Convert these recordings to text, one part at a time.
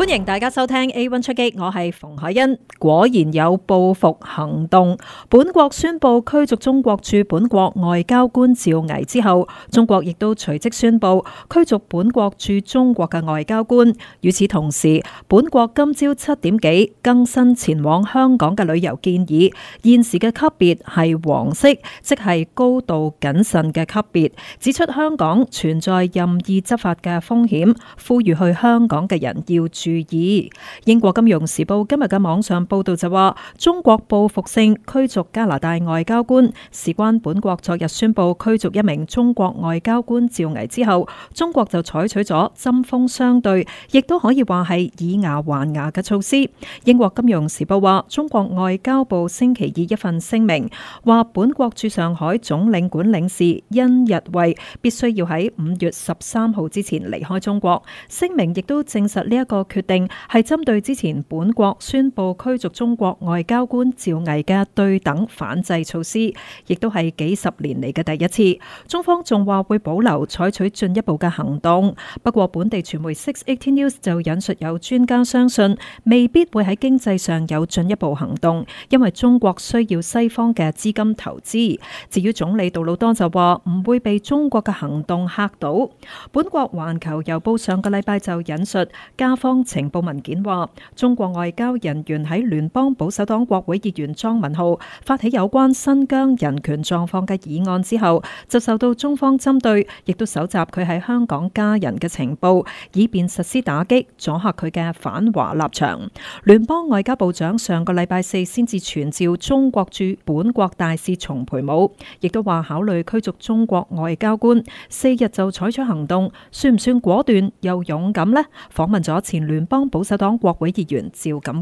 歡迎大家收聽 A1 出擊，我係馮海恩。果然有報復行動，本國宣布驅逐中國駐本國外交官趙毅之後，中國亦都隨即宣布驅逐本國駐中國嘅外交官。與此同時，本國今朝七點幾更新前往香港嘅旅遊建議，現時嘅級別係黃色，即係高度謹慎嘅級別，指出香港存在任意執法嘅風險，呼籲去香港嘅人要注。意。英國金融時報今日嘅網上報道就話，中國報復性驅逐加拿大外交官，事關本國昨日宣布驅逐一名中國外交官趙巍之後，中國就採取咗針鋒相對，亦都可以話係以牙還牙嘅措施。英國金融時報話，中國外交部星期二一份聲明話，本國駐上海總領館領事因日衛必須要喺五月十三號之前離開中國。聲明亦都證實呢、這、一個。決定係針對之前本國宣布驅逐中國外交官趙毅嘅對等反制措施，亦都係幾十年嚟嘅第一次。中方仲話會保留採取進一步嘅行動。不過本地傳媒680 News 就引述有專家相信，未必會喺經濟上有進一步行動，因為中國需要西方嘅資金投資。至於總理杜魯多就話唔會被中國嘅行動嚇到。本國環球郵報上個禮拜就引述加方。情報文件話，中國外交人員喺聯邦保守黨國會議員莊文浩發起有關新疆人權狀況嘅議案之後，就受到中方針對，亦都搜集佢喺香港家人嘅情報，以便實施打擊、阻嚇佢嘅反華立場。聯邦外交部長上個禮拜四先至傳召中國駐本國大使叢培武，亦都話考慮驅逐中國外交官。四日就採取行動，算唔算果斷又勇敢呢？訪問咗前。聯邦保守黨國會議員趙錦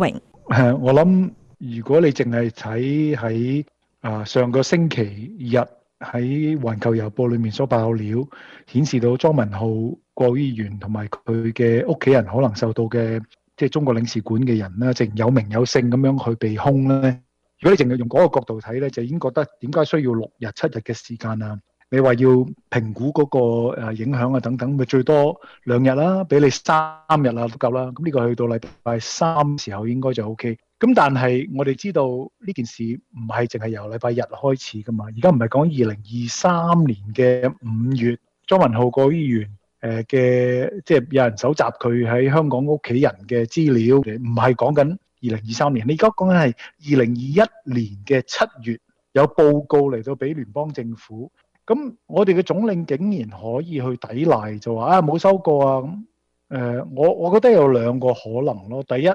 榮，我諗如果你淨係睇喺啊上個星期日喺環球郵報裏面所爆料，顯示到莊文浩國議員同埋佢嘅屋企人可能受到嘅即係中國領事館嘅人啦，即係有名有姓咁樣去被兇咧。如果你淨係用嗰個角度睇咧，就已經覺得點解需要六日七日嘅時間啊？你話要評估嗰個誒影響啊，等等咪最多兩日啦，俾你三日啦都夠啦。咁呢個去到禮拜三時候應該就 OK。咁但係我哋知道呢件事唔係淨係由禮拜日開始噶嘛。而家唔係講二零二三年嘅五月，莊文浩個議員誒嘅，即係有人搜集佢喺香港屋企人嘅資料，唔係講緊二零二三年。你而家講緊係二零二一年嘅七月有報告嚟到俾聯邦政府。咁我哋嘅總領竟然可以去抵賴，就話啊，冇收過啊。咁誒、呃，我我覺得有兩個可能咯。第一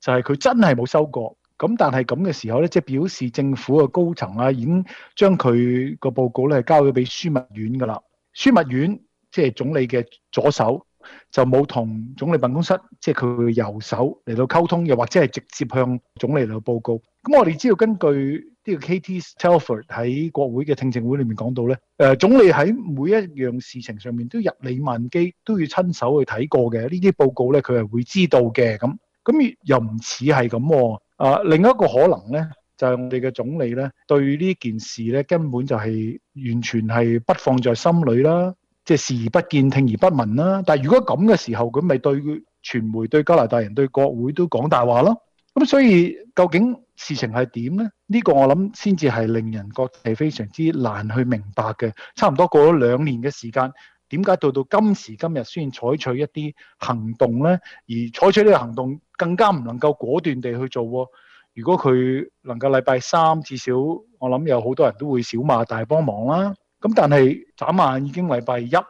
就係、是、佢真係冇收過，咁但係咁嘅時候咧，即、就、係、是、表示政府嘅高層啊已經將佢個報告咧交咗俾樞密院㗎啦。樞密院即係、就是、總理嘅左手就冇同總理辦公室即係佢嘅右手嚟到溝通，又或者係直接向總理嚟到報告。咁我哋知道根據。呢個 Katie Telford 喺國會嘅聽證會裏面講到咧，誒總理喺每一樣事情上面都日理萬機，都要親手去睇過嘅，呢啲報告咧佢係會知道嘅。咁咁又又唔似係咁喎。啊，另一個可能咧，就係我哋嘅總理咧，對呢件事咧根本就係完全係不放在心裏啦，即係視而不見，聽而不聞啦。但係如果咁嘅時候，佢咪對傳媒、對加拿大人、對國會都講大話咯？咁所以究竟事情係點呢？呢個我諗先至係令人覺得係非常之難去明白嘅。差唔多過咗兩年嘅時間，點解到到今時今日先採取一啲行動呢？而採取呢個行動更加唔能夠果斷地去做。如果佢能夠禮拜三，至少，我諗有好多人都會小馬大幫忙啦。咁但係眨眼已經禮拜一咯，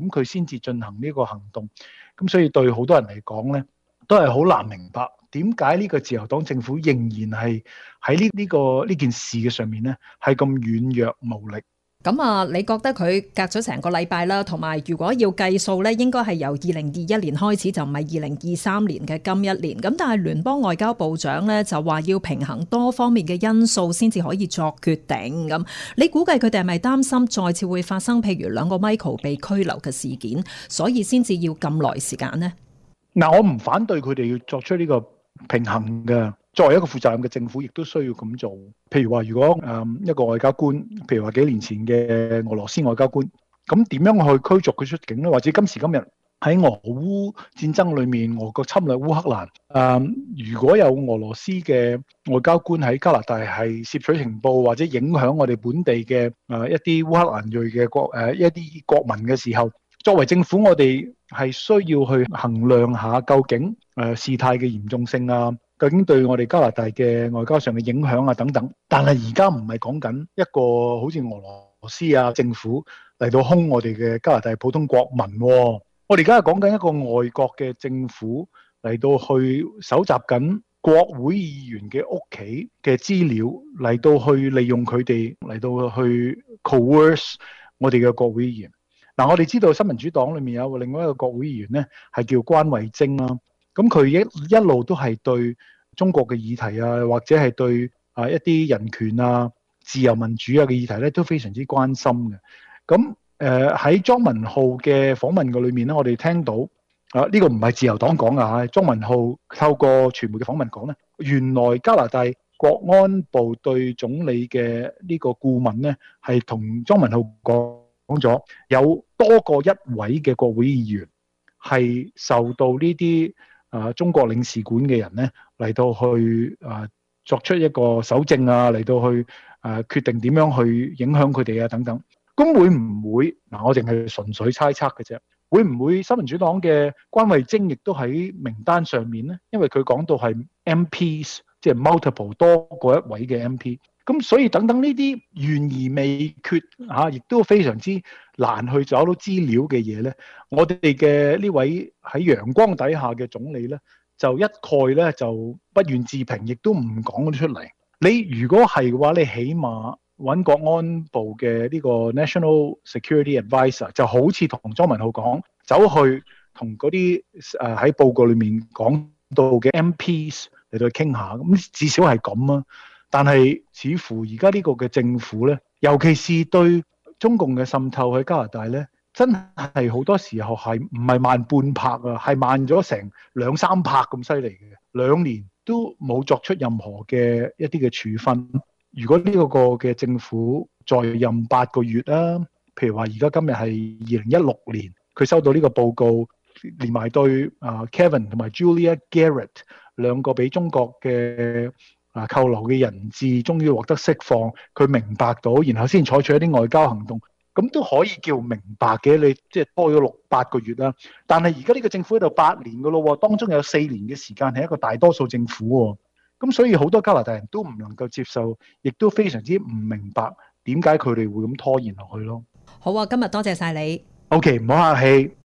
咁佢先至進行呢個行動。咁所以對好多人嚟講呢，都係好難明白。點解呢個自由黨政府仍然係喺呢呢個呢、這個、件事嘅上面呢？係咁軟弱無力？咁啊，你覺得佢隔咗成個禮拜啦，同埋如果要計數呢，應該係由二零二一年開始就唔係二零二三年嘅今一年。咁但係聯邦外交部長呢，就話要平衡多方面嘅因素先至可以作決定。咁你估計佢哋係咪擔心再次會發生譬如兩個 Michael 被拘留嘅事件，所以先至要咁耐時間呢？嗱，我唔反對佢哋要作出呢、這個。平衡嘅，作為一個負責任嘅政府，亦都需要咁做。譬如話，如果誒一個外交官，譬如話幾年前嘅俄羅斯外交官，咁點樣去驅逐佢出境咧？或者今時今日喺俄烏戰爭裏面，俄國侵略烏克蘭誒，如果有俄羅斯嘅外交官喺加拿大係攝取情報或者影響我哋本地嘅誒一啲烏克蘭裔嘅國誒一啲國民嘅時候，作為政府我哋。係需要去衡量下究竟誒事態嘅嚴重性啊，究竟對我哋加拿大嘅外交上嘅影響啊等等。但係而家唔係講緊一個好似俄羅斯啊政府嚟到兇我哋嘅加拿大普通國民，我哋而家係講緊一個外國嘅政府嚟到去搜集緊國會議員嘅屋企嘅資料，嚟到去利用佢哋嚟到去 coerce 我哋嘅國會議員。嗱，我哋知道新民主黨裏面有另外一個國會議員咧，係叫關慧貞啦。咁佢一一路都係對中國嘅議題啊，或者係對啊一啲人權啊、自由民主啊嘅議題咧都非常之關心嘅。咁誒喺莊文浩嘅訪問嘅裏面咧，我哋聽到啊，呢個唔係自由黨講噶，莊文浩透過傳媒嘅訪問講咧，原來加拿大國安部對總理嘅呢個顧問咧係同莊文浩講。講咗有多過一位嘅國會議員係受到呢啲啊中國領事館嘅人咧嚟到去啊、呃、作出一個搜證啊嚟到去啊、呃、決定點樣去影響佢哋啊等等，咁會唔會嗱、啊？我淨係純粹猜測嘅啫，會唔會新民主黨嘅關惠精亦都喺名單上面咧？因為佢講到係 MPs 即係 multiple 多過一位嘅 M P。咁所以等等呢啲懸而未決嚇，亦、啊、都非常之難去找到資料嘅嘢咧。我哋嘅呢位喺陽光底下嘅總理咧，就一概咧就不願置評，亦都唔講咗出嚟。你如果係嘅話，你起碼揾國安部嘅呢個 National Security Adviser，就好似同莊文浩講，走去同嗰啲誒喺報告裡面講到嘅 MPs 嚟到傾下，咁至少係咁啊。但係，似乎而家呢個嘅政府咧，尤其是對中共嘅滲透喺加拿大咧，真係好多時候係唔係慢半拍啊？係慢咗成兩三拍咁犀利嘅，兩年都冇作出任何嘅一啲嘅處分。如果呢個個嘅政府在任八個月啦、啊，譬如話而家今日係二零一六年，佢收到呢個報告，連埋對啊 Kevin 同埋 Julia Garrett 兩個俾中國嘅。啊！扣留嘅人質終於獲得釋放，佢明白到，然後先採取一啲外交行動，咁都可以叫明白嘅。你即係拖咗六八個月啦，但係而家呢個政府喺度八年噶咯，當中有四年嘅時間係一個大多數政府，咁所以好多加拿大人都唔能夠接受，亦都非常之唔明白點解佢哋會咁拖延落去咯。好啊，今日多謝晒你。O.K. 唔好客氣。